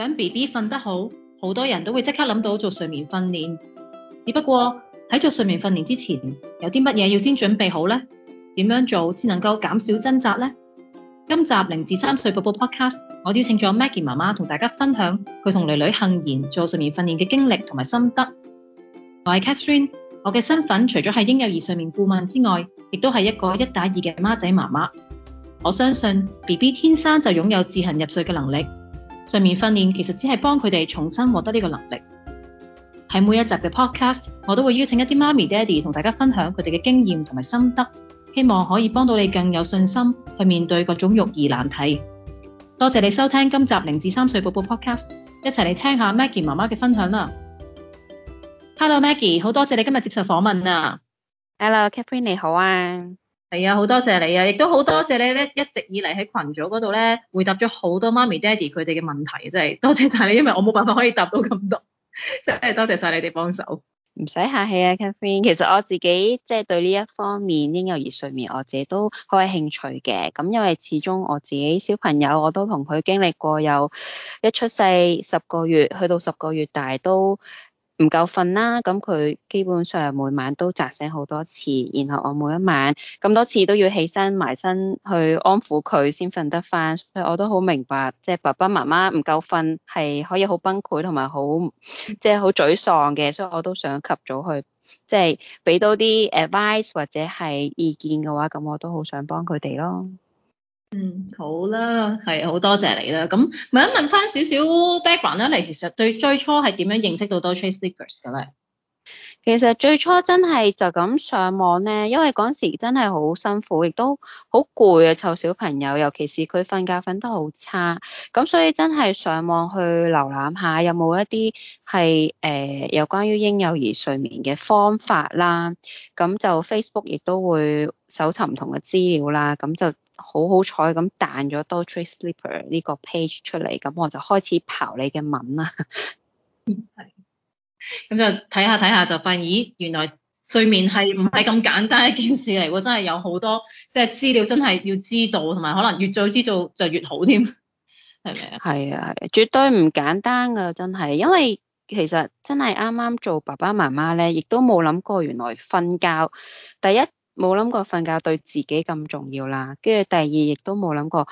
想 B B 瞓得好，好多人都會即刻諗到做睡眠訓練。只不過喺做睡眠訓練之前，有啲乜嘢要先準備好呢？點樣做先能夠減少掙扎呢？今集零至三歲寶寶 Podcast，我邀請咗 Maggie 媽媽同大家分享佢同囡囡幸言做睡眠訓練嘅經歷同埋心得。我係 Catherine，我嘅身份除咗係嬰幼兒睡眠顧問之外，亦都係一個一打二嘅孖仔媽媽。我相信 B B 天生就擁有自行入睡嘅能力。睡眠訓練其實只係幫佢哋重新獲得呢個能力。喺每一集嘅 podcast，我都會邀請一啲媽咪爹哋同大家分享佢哋嘅經驗同埋心得，希望可以幫到你更有信心去面對各種育兒難題。多謝你收聽今集零至三歲寶寶 podcast，一齊嚟聽下 Maggie 媽媽嘅分享啦。Hello Maggie，好多謝你今日接受訪問啊。Hello Catherine，你好啊。係啊，好多謝你啊！亦都好多謝你咧，一直以嚟喺群組嗰度咧，回答咗好多媽咪爹哋佢哋嘅問題，真係多謝晒你，因為我冇辦法可以答到咁多，真係多謝晒你哋幫手。唔使客氣啊，Catherine。其實我自己即係對呢一方面嬰幼兒睡眠，我自己都好有興趣嘅。咁因為始終我自己小朋友，我都同佢經歷過，有一出世十個月，去到十個月大都，唔夠瞓啦，咁佢基本上每晚都扎醒好多次，然後我每一晚咁多次都要起身埋身去安撫佢先瞓得返，所以我都好明白即係、就是、爸爸媽媽唔夠瞓係可以好崩潰同埋好即係好沮喪嘅，所以我都想及早去即係俾多啲 advice 或者係意見嘅話，咁我都好想幫佢哋咯。嗯，好啦，係好多謝你啦。咁問一問翻少少 background 啦，你其實對最初係點樣認識到多 Trace Sleepers 嘅咧？其實最初真係就咁上網咧，因為嗰時真係好辛苦，亦都好攰啊，湊小朋友，尤其是佢瞓覺瞓得好差，咁所以真係上網去瀏覽下有冇一啲係誒有關於嬰幼兒睡眠嘅方法啦。咁就 Facebook 亦都會搜尋唔同嘅資料啦，咁就。好好彩咁彈咗多 Tree Sleeper 呢個 page 出嚟，咁我就開始刨你嘅文啦。 嗯，咁就睇下睇下就發現，咦，原來睡眠係唔係咁簡單一件事嚟喎？真係有好多即係資料，真係要知道，同埋可能越早知道就越好添。係咪啊？係啊，係絕對唔簡單噶，真係。因為其實真係啱啱做爸爸媽媽咧，亦都冇諗過原來瞓覺第一。冇諗過瞓覺對自己咁重要啦，跟住第二亦都冇諗過。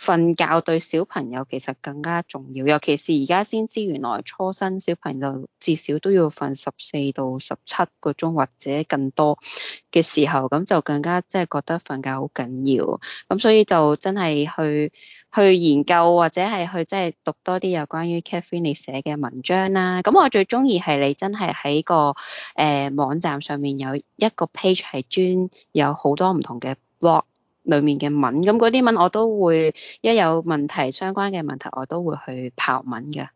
瞓覺對小朋友其實更加重要，尤其是而家先知原來初生小朋友至少都要瞓十四到十七個鐘或者更多嘅時候，咁就更加即係覺得瞓覺好緊要。咁所以就真係去去研究或者係去即係讀多啲有關於 c a t f e i n e 寫嘅文章啦。咁我最鍾意係你真係喺個誒、呃、網站上面有一個 page 係專有好多唔同嘅 blog。裏面嘅文，咁嗰啲文我都會一有問題相關嘅問題，我都會去刨文㗎。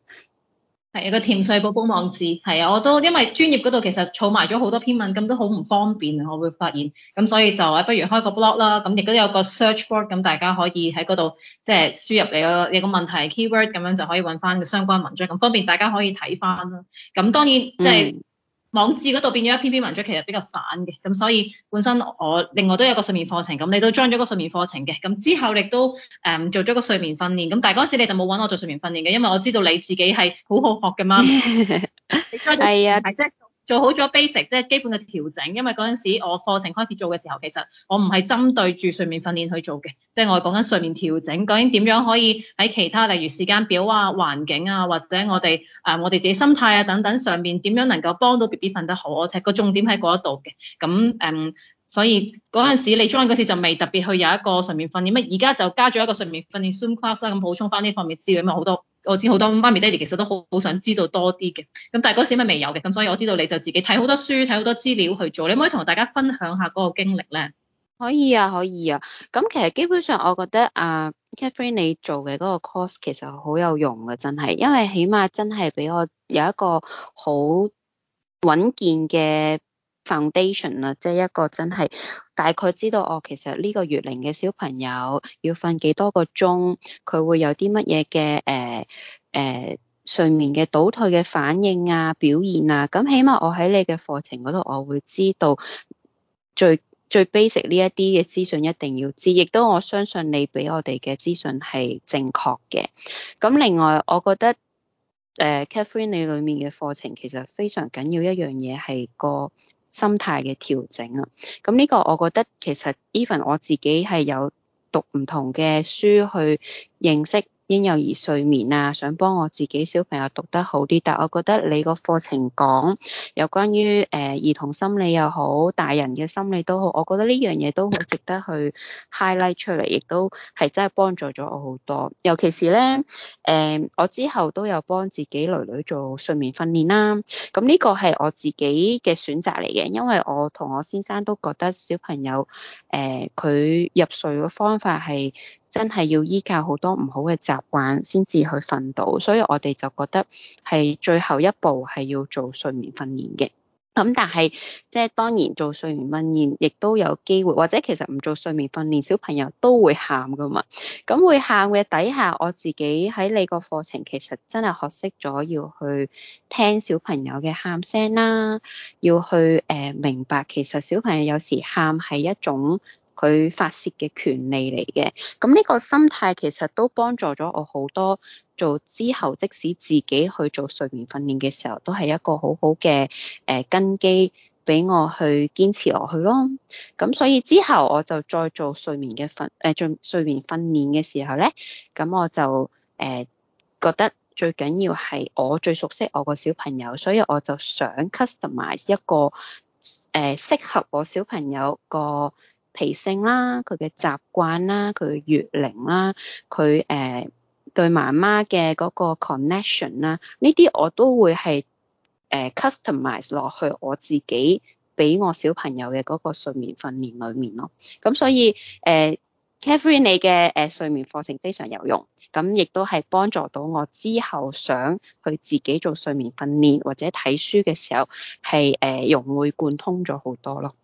係有個甜睡寶寶網誌，係啊，我都因為專業嗰度其實儲埋咗好多篇文，咁都好唔方便，我會發現。咁所以就誒，不如開個 blog 啦，咁亦都有個 search board，咁大家可以喺嗰度即係輸入嚟個你個問題 keyword，咁樣就可以揾翻相關文章，咁方便大家可以睇翻啦。咁當然即係。就是嗯網誌嗰度變咗一篇篇文章，其實比較散嘅，咁所以本身我另外都有個睡眠課程，咁你都 join 咗個睡眠課程嘅，咁之後亦都誒、嗯、做咗個睡眠訓練，咁但係嗰時你就冇揾我做睡眠訓練嘅，因為我知道你自己係好好學嘅嘛，係 啊，係啫。做好咗 basic，即係基本嘅調整。因為嗰陣時我課程開始做嘅時候，其實我唔係針對住睡眠訓練去做嘅，即係我係講緊睡眠調整，究竟點樣可以喺其他例如時間表啊、環境啊，或者我哋誒、呃、我哋自己心態啊等等上面點樣能夠幫到 BB 瞓得好，我睇個重點喺嗰一度嘅。咁誒、呃，所以嗰陣時你 join 嗰時就未特別去有一個睡眠訓練啊。而家就加咗一個睡眠訓練 zoom、um、class 啦，咁補充翻呢方面資料咪好多。我知好多媽咪爹哋其實都好好想知道多啲嘅，咁但係嗰時咪未有嘅，咁所以我知道你就自己睇好多書睇好多資料去做，你唔可以同大家分享下嗰個經歷咧？可以啊，可以啊。咁其實基本上我覺得啊，uh，Catherine 你做嘅嗰個 course 其實好有用嘅，真係，因為起碼真係俾我有一個好穩健嘅 Foundation 啦，即係一個真係大概知道我其實呢個月齡嘅小朋友要瞓幾多個鐘，佢會有啲乜嘢嘅誒誒睡眠嘅倒退嘅反應啊表現啊，咁起碼我喺你嘅課程嗰度我會知道最最 basic 呢一啲嘅資訊一定要知，亦都我相信你俾我哋嘅資訊係正確嘅。咁另外我覺得誒、呃、Catherine 你裏面嘅課程其實非常緊要，一樣嘢係個。心態嘅調整啊，咁呢個我覺得其實 even 我自己係有讀唔同嘅書去認識。嬰幼兒睡眠啊，想幫我自己小朋友瞓得好啲，但我覺得你個課程講有關於誒、呃、兒童心理又好，大人嘅心理都好，我覺得呢樣嘢都好值得去 highlight 出嚟，亦都係真係幫助咗我好多。尤其是咧誒、呃，我之後都有幫自己囡囡做睡眠訓練啦。咁呢個係我自己嘅選擇嚟嘅，因為我同我先生都覺得小朋友誒，佢、呃、入睡嘅方法係，真係要依靠多好多唔好嘅習慣先至去瞓到，所以我哋就覺得係最後一步係要做睡眠訓練嘅。咁、嗯、但係即係當然做睡眠訓練亦都有機會，或者其實唔做睡眠訓練，小朋友都會喊噶嘛。咁、嗯、會喊嘅底下，我自己喺你個課程其實真係學識咗要去聽小朋友嘅喊聲啦，要去誒、呃、明白其實小朋友有時喊係一種。佢發洩嘅權利嚟嘅，咁呢個心態其實都幫助咗我好多。做之後，即使自己去做睡眠訓練嘅時候，都係一個好好嘅誒根基，俾我去堅持落去咯。咁所以之後我就再做睡眠嘅訓誒，做、呃、睡眠訓練嘅時候咧，咁我就誒、呃、覺得最緊要係我最熟悉我個小朋友，所以我就想 customize 一個誒、呃、適合我小朋友個脾性啦，佢嘅習慣啦，佢嘅月齡啦，佢誒、呃、對媽媽嘅嗰個 connection 啦，呢啲我都會係誒、呃、customise 落去我自己俾我小朋友嘅嗰個睡眠訓練裡面咯。咁所以誒，Katherine、呃、你嘅誒睡眠課程非常有用，咁亦都係幫助到我之後想去自己做睡眠訓練或者睇書嘅時候係誒、呃、融會貫通咗好多咯。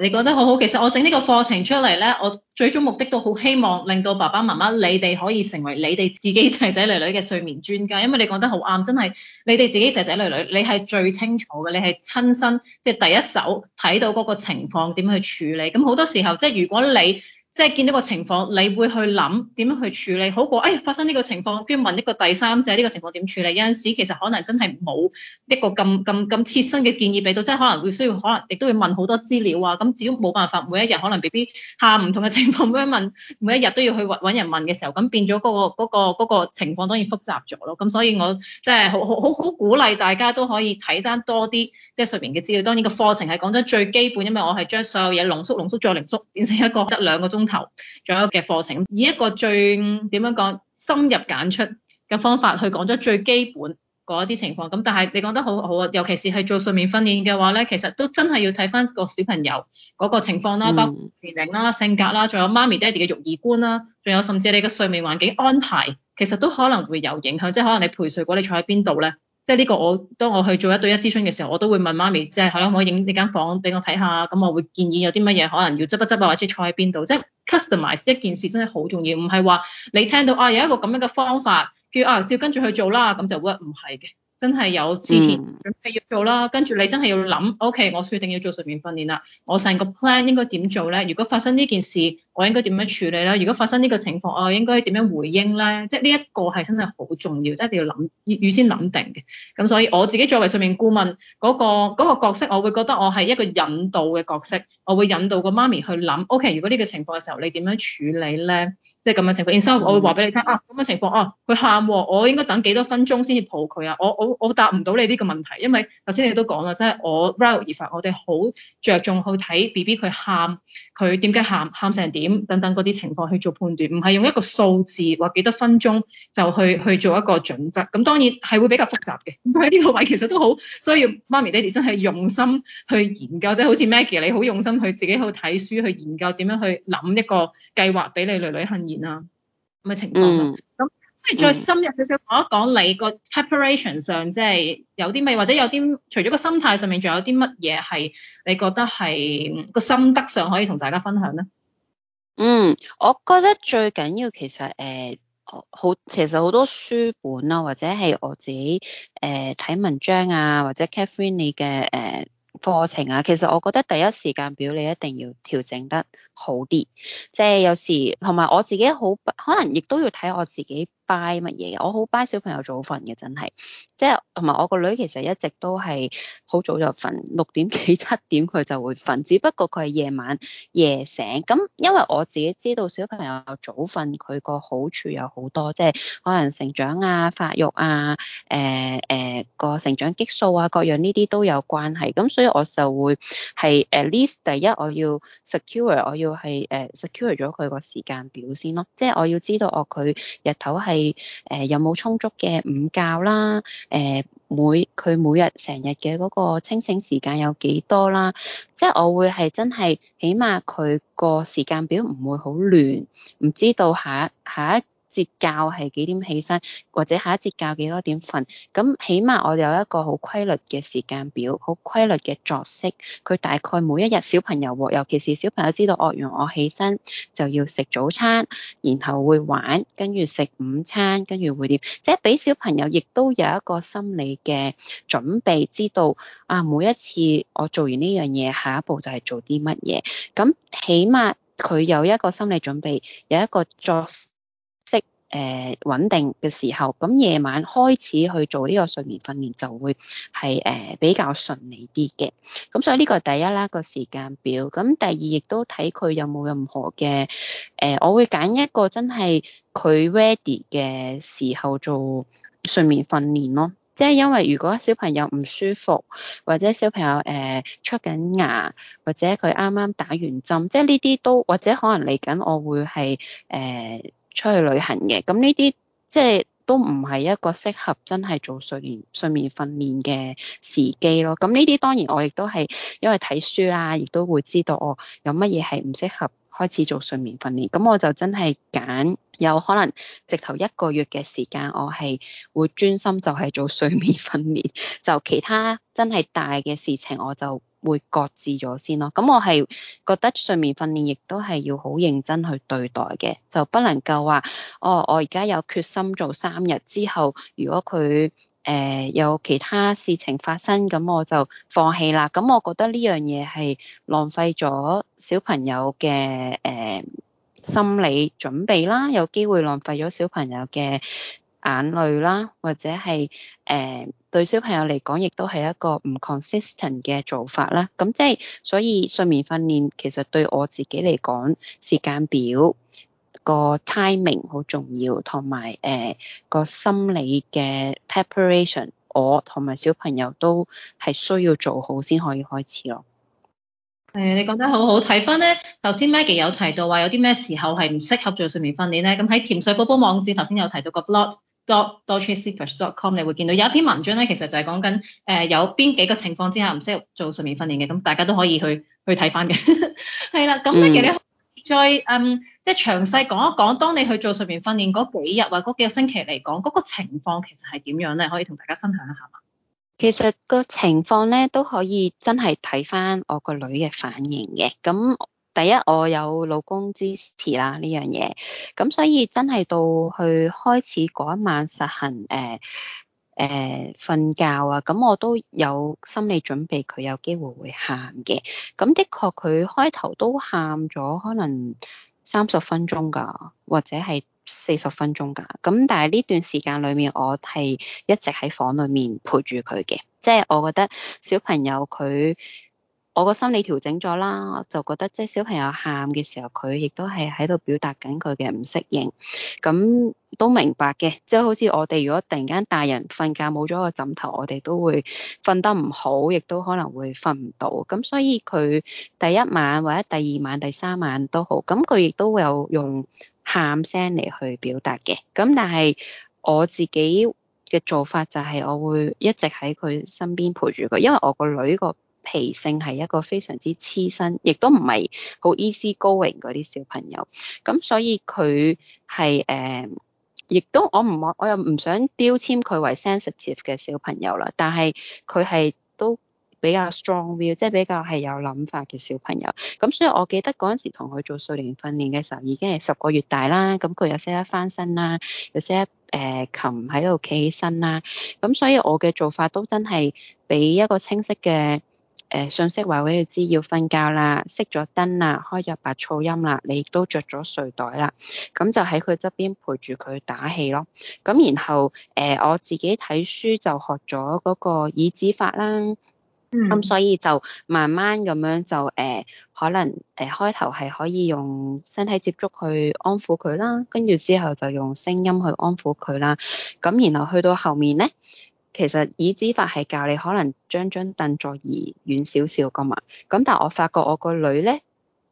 你覺得好好。其實我整呢個課程出嚟咧，我最終目的都好希望令到爸爸媽媽，你哋可以成為你哋自己仔仔女女嘅睡眠專家。因為你講得好啱，真係你哋自己仔仔女女，你係最清楚嘅，你係親身即係、就是、第一手睇到嗰個情況點樣去處理。咁好多時候即係如果你即係見到個情況，你會去諗點樣去處理，好過誒、哎、發生呢個情況，跟住問一個第三者呢個情況點處理。有陣時其實可能真係冇一個咁咁咁切身嘅建議俾到，即係可能會需要，可能亦都會問好多資料啊。咁至少冇辦法每一日可能俾啲下唔同嘅情況咁樣問，每一日都要去揾人問嘅時候，咁變咗嗰個嗰個嗰個情況當然複雜咗咯。咁所以我即係好好好鼓勵大家都可以睇得多啲即係睡眠嘅資料。當然個課程係講得最基本，因為我係將所有嘢濃縮濃縮再濃縮，變成一個得兩個鐘。頭，仲有嘅課程，以一個最點樣講深入揀出嘅方法去講咗最基本嗰啲情況。咁但係你講得好好啊，尤其是係做睡眠訓練嘅話咧，其實都真係要睇翻個小朋友嗰個情況啦，包括年齡啦、性格啦，仲有媽咪、爹 a 嘅育兒觀啦，仲有甚至你嘅睡眠環境安排，其實都可能會有影響。即係可能你陪睡果你坐喺邊度咧，即係呢個我當我去做一對一諮詢嘅時候，我都會問媽咪，即係可唔可以影呢間房俾我睇下？咁我會建議有啲乜嘢可能要執一執啊，或者坐喺邊度，即係。customize 一件事真係好重要，唔係話你聽到啊有一個咁樣嘅方法，叫啊照跟住去做啦，咁就 work 唔係嘅，真係有之前準備要做啦，跟住你真係要諗 OK 我決定要做睡眠訓練啦，我成個 plan 應該點做咧？如果發生呢件事。我應該點樣處理咧？如果發生呢個情況，我應該點樣回應咧？即係呢一個係真係好重要，即係一定要諗，預先諗定嘅。咁所以我自己作為睡眠顧問嗰、嗰個嗰個角色，我會覺得我係一個引導嘅角色，我會引導個媽咪去諗。OK，如果呢個情況嘅時候，你點樣處理咧？即係咁嘅情況。然之後我會話俾你聽啊，咁嘅情況，哦、啊，佢喊喎，我應該等幾多分鐘先至抱佢啊？我我我答唔到你呢個問題，因為頭先你都講啦，即係我 r y far、e、我哋好着重去睇 B B 佢喊，佢點解喊，喊成點。等等嗰啲情況去做判斷，唔係用一個數字或幾多分鐘就去去做一個準則。咁當然係會比較複雜嘅。所以呢個位其實都好需要媽咪爹哋真係用心去研究，即係好似 Maggie 你好用心去自己去睇書去研究，點樣去諗一個計劃俾你女女幸言啊，咁嘅情況。咁跟住再深入少少講一講、嗯、你個 preparation 上即係有啲咩，或者有啲除咗個心態上面，仲有啲乜嘢係你覺得係個心得上可以同大家分享咧？嗯嗯嗯嗯嗯嗯嗯嗯嗯，我覺得最緊要其實誒、呃，好其實好多書本啦、啊，或者係我自己誒睇、呃、文章啊，或者 Katrina 嘅誒、呃、課程啊，其實我覺得第一時間表你一定要調整得好啲，即、就、係、是、有時同埋我自己好可能亦都要睇我自己。拜乜嘢？嘅，我好拜小朋友早瞓嘅，真係，即係同埋我個女其實一直都係好早就瞓，六點幾七點佢就會瞓。只不過佢係夜晚夜醒咁，因為我自己知道小朋友早瞓佢個好處有好多，即係可能成長啊、發育啊、誒誒個成長激素啊各樣呢啲都有關係，咁所以我就會係誒，at least 第一我要 secure，我要係誒 secure 咗佢個時間表先咯，即係我要知道哦佢日頭係。誒，有冇充足嘅午覺啦？誒，每佢每日成日嘅嗰個清醒時間有幾多啦？即係我會係真係，起碼佢個時間表唔會好亂，唔知道下下一。節教係幾點起身，或者下一節教幾多點瞓？咁起碼我哋有一個好規律嘅時間表，好規律嘅作息。佢大概每一日小朋友，尤其是小朋友知道餓完我起身就要食早餐，然後會玩，跟住食午餐，跟住會點，即係俾小朋友亦都有一個心理嘅準備，知道啊，每一次我做完呢樣嘢，下一步就係做啲乜嘢。咁起碼佢有一個心理準備，有一個作息。誒、呃、穩定嘅時候，咁夜晚開始去做呢個睡眠訓練就會係誒、呃、比較順利啲嘅。咁所以呢個第一啦個時間表。咁第二亦都睇佢有冇任何嘅誒、呃，我會揀一個真係佢 ready 嘅時候做睡眠訓練咯。即、就、係、是、因為如果小朋友唔舒服，或者小朋友誒、呃、出緊牙，或者佢啱啱打完針，即係呢啲都或者可能嚟緊，我會係誒、呃出去旅行嘅，咁呢啲即係都唔係一個適合真係做睡眠睡眠訓練嘅時機咯。咁呢啲當然我亦都係因為睇書啦，亦都會知道哦，有乜嘢係唔適合開始做睡眠訓練。咁我就真係揀有可能直頭一個月嘅時間，我係會專心就係做睡眠訓練，就其他真係大嘅事情，我就。會擱置咗先咯，咁我係覺得睡眠訓練亦都係要好認真去對待嘅，就不能夠話，哦，我而家有決心做三日之後，如果佢誒、呃、有其他事情發生，咁我就放棄啦，咁我覺得呢樣嘢係浪費咗小朋友嘅誒、呃、心理準備啦，有機會浪費咗小朋友嘅。眼淚啦，或者係誒、呃、對小朋友嚟講，亦都係一個唔 consistent 嘅做法啦。咁即係所以睡眠訓練其實對我自己嚟講，時間表個 timing 好重要，同埋誒個心理嘅 preparation，我同埋小朋友都係需要做好先可以開始咯。係、呃、你講得好好。睇翻咧，頭先 Maggie 有提到話有啲咩時候係唔適合做睡眠訓練咧？咁喺甜水寶寶網誌頭先有提到個 blog。d o t c h r i s p e r c o m 你會見到有一篇文章咧，其實就係講緊誒、呃、有邊幾個情況之下唔適合做睡眠訓練嘅，咁大家都可以去去睇翻嘅。係 啦，咁咧其實你再嗯即係、就是、詳細講一講，當你去做睡眠訓練嗰幾日或嗰幾個星期嚟講，嗰、那個情況其實係點樣咧？可以同大家分享一下嘛？其實個情況咧都可以真係睇翻我個女嘅反應嘅，咁。第一，我有老公支持啦呢樣嘢，咁所以真係到佢開始嗰一晚實行誒誒瞓覺啊，咁我都有心理準備，佢有機會會喊嘅。咁的確，佢開頭都喊咗，可能三十分鐘㗎，或者係四十分鐘㗎。咁但係呢段時間裏面，我係一直喺房裡面陪住佢嘅。即係我覺得小朋友佢。我個心理調整咗啦，我就覺得即係小朋友喊嘅時候，佢亦都係喺度表達緊佢嘅唔適應。咁都明白嘅，即係好似我哋如果突然間大人瞓覺冇咗個枕頭，我哋都會瞓得唔好，亦都可能會瞓唔到。咁所以佢第一晚或者第二晚、第三晚都好，咁佢亦都會有用喊聲嚟去表達嘅。咁但係我自己嘅做法就係，我會一直喺佢身邊陪住佢，因為我個女個。脾性係一個非常之黐身，亦都唔係好 easy going 嗰啲小朋友。咁所以佢係誒，亦、呃、都我唔我又唔想標籤佢為 sensitive 嘅小朋友啦。但係佢係都比較 strong will，即係比較係有諗法嘅小朋友。咁所以我記得嗰陣時同佢做睡眠訓練嘅時候，已經係十個月大啦。咁佢又識得翻身啦，又識得誒、呃、琴喺度企起身啦。咁所以我嘅做法都真係俾一個清晰嘅。誒、呃、信息話俾佢知要瞓覺啦，熄咗燈啦，開咗白噪音啦，你都着咗睡袋啦，咁就喺佢側邊陪住佢打氣咯。咁然後誒、呃、我自己睇書就學咗嗰個椅子法啦，咁、嗯嗯、所以就慢慢咁樣就誒、呃、可能誒、呃、開頭係可以用身體接觸去安撫佢啦，跟住之後就用聲音去安撫佢啦，咁然後去到後面咧。其實椅子法係教你可能將張凳座移遠少少㗎嘛，咁但係我發覺我個女咧，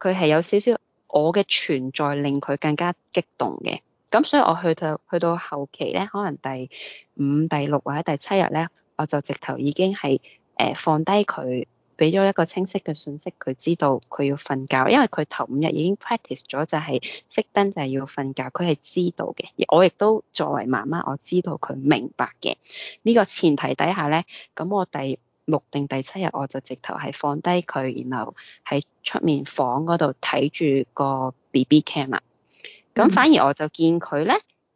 佢係有少少我嘅存在令佢更加激動嘅，咁所以我去到去到後期咧，可能第五、第六或者第七日咧，我就直頭已經係誒放低佢。俾咗一個清晰嘅信息，佢知道佢要瞓覺，因為佢頭五日已經 practice 咗，就係熄燈就係要瞓覺，佢係知道嘅。我亦都作為媽媽，我知道佢明白嘅。呢個前提底下呢，咁我第六定第七日，我就直頭係放低佢，然後喺出面房嗰度睇住個 BB camera。咁反而我就見佢呢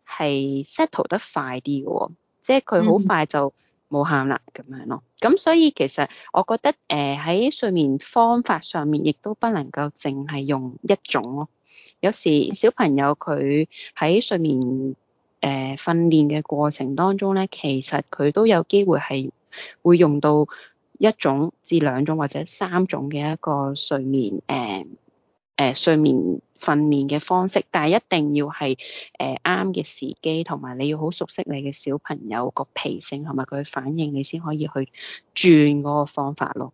係 settle 得快啲喎，即係佢好快就。嗯冇喊啦，咁樣咯。咁所以其實我覺得，誒、呃、喺睡眠方法上面，亦都不能夠淨係用一種咯、哦。有時小朋友佢喺睡眠誒、呃、訓練嘅過程當中咧，其實佢都有機會係會用到一種至兩種或者三種嘅一個睡眠誒。呃誒、呃、睡眠訓練嘅方式，但係一定要係誒啱嘅時機，同埋你要好熟悉你嘅小朋友個脾性同埋佢反應，你先可以去轉嗰個方法咯。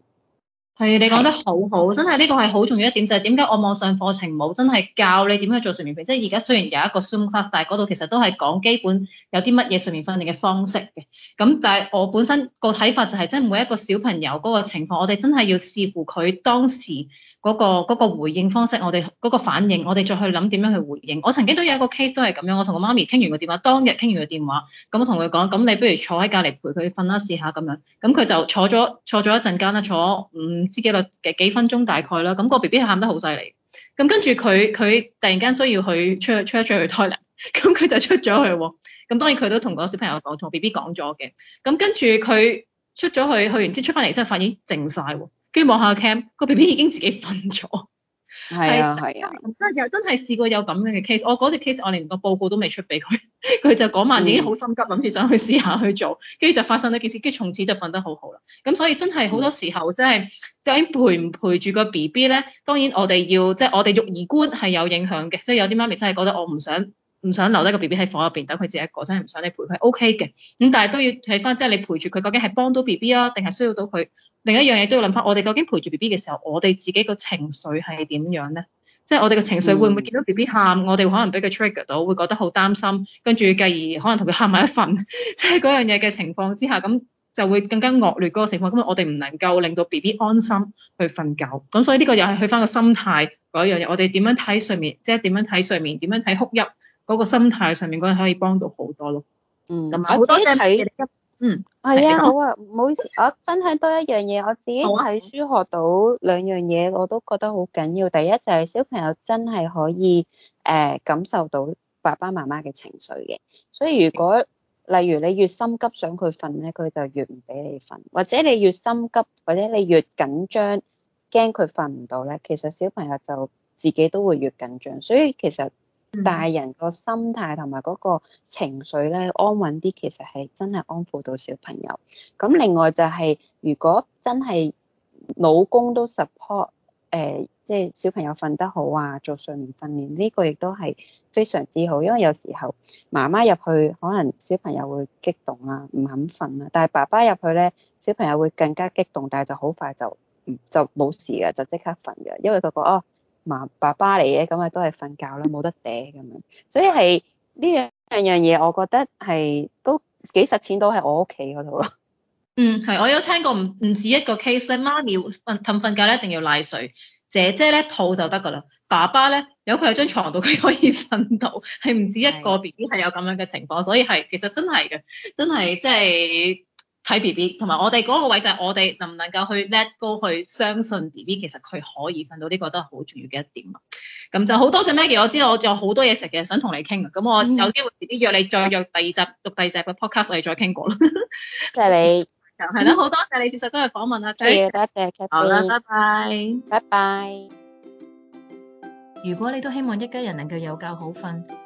係，你講得好好，是真係呢個係好重要一點，就係點解我網上課程冇真係教你點樣做睡眠訓練，即係而家雖然有一個 Zoom Class，但係嗰度其實都係講基本有啲乜嘢睡眠訓練嘅方式嘅。咁但係我本身個睇法就係、是，即每一個小朋友嗰個情況，我哋真係要視乎佢當時。嗰個嗰個回應方式，我哋嗰個反應，我哋再去諗點樣去回應。我曾經都有一個 case 都係咁樣，我同個媽咪傾完個電話，當日傾完個電話，咁我同佢講，咁你不如坐喺隔離陪佢瞓啦，試下咁樣。咁佢就坐咗坐咗一陣間啦，坐唔知幾耐，幾幾分鐘大概啦。咁個 B B 係喊得好犀利。咁跟住佢佢突然間需要去出出一出去 toilet 咁佢就出咗去喎。咁當然佢都同個小朋友講，同 B B 講咗嘅。咁跟住佢出咗去，去完之後出翻嚟，真係發現靜晒喎。跟住望下 cam，個 B B 已經自己瞓咗。係啊係啊，啊，真係又真係試過有咁樣嘅 case。我嗰隻 case 我連個報告都未出俾佢，佢就嗰晚已經好心急，諗住、嗯、想去試下去做，跟住就發生咗件事。跟住從此就瞓得好好啦。咁所以真係好多時候，真係究竟陪唔陪住個 B B 咧？當然我哋要即係、就是、我哋育兒觀係有影響嘅，即、就、係、是、有啲媽咪真係覺得我唔想唔想留低個 B B 喺房入邊等佢自己一個，真係唔想，你陪佢 O K 嘅。咁、okay、但係都要睇翻即係你陪住佢，究竟係幫到 B B 啊，定係需要到佢？另一樣嘢都要諗翻，我哋究竟陪住 B B 嘅時候，我哋自己個情緒係點樣咧？即係我哋嘅情緒會唔會見到 B B 喊，嗯、我哋可能俾佢 trigger 到，會覺得好擔心，跟住繼而可能同佢喊埋一份，即係嗰樣嘢嘅情況之下，咁就會更加惡劣嗰個情況。咁我哋唔能夠令到 B B 安心去瞓覺。咁所以呢個又係去翻個心態嗰樣嘢。我哋點樣睇睡眠，即係點樣睇睡眠，點樣睇哭泣嗰個心態上面嗰樣、嗰個、可以幫到好多咯。嗯，好多睇。嗯，係啊的，好，好啊，唔好意思，我分享多一樣嘢，啊、我自己睇書學到兩樣嘢，我都覺得好緊要。第一就係小朋友真係可以誒、呃、感受到爸爸媽媽嘅情緒嘅，所以如果例如你越心急想佢瞓咧，佢就越唔俾你瞓，或者你越心急或者你越緊張，驚佢瞓唔到咧，其實小朋友就自己都會越緊張，所以其實。大人個心態同埋嗰個情緒咧安穩啲，其實係真係安撫到小朋友。咁另外就係、是、如果真係老公都 support，誒、呃，即、就、係、是、小朋友瞓得好啊，做睡眠訓練呢、這個亦都係非常之好，因為有時候媽媽入去，可能小朋友會激動啊，唔肯瞓啊，但係爸爸入去咧，小朋友會更加激動，但係就好快就就冇事嘅，就即刻瞓嘅，因為佢覺哦。媽爸爸嚟嘅，咁啊都係瞓覺啦，冇得嗲咁樣。所以係呢兩樣嘢，我覺得係都幾實踐到喺我屋企嗰度咯。嗯，係，我有聽過唔唔止一個 case 咧。媽咪瞓瞓瞓覺咧，一定要賴睡；姐姐咧抱就得㗎喇。爸爸咧有佢喺張床度，佢可以瞓到。係唔止一個 BB 係有咁樣嘅情況，所以係其實真係嘅，真係即係。就是睇 BB，同埋我哋嗰個位就係我哋能唔能夠去 let go，去相信 BB，其實佢可以瞓到呢個都係好重要嘅一點啊。咁就好多謝 Maggie 我知道我仲有好多嘢食，嘅，想同你傾咁我有機會自己約你再約第二集，讀第二集嘅 podcast 我哋再傾過啦。多謝,謝你，係啦， 好多謝你接受今日訪問啊。多謝,謝，謝謝好啦，拜拜，拜拜。如果你都希望一家人能夠有覺好瞓。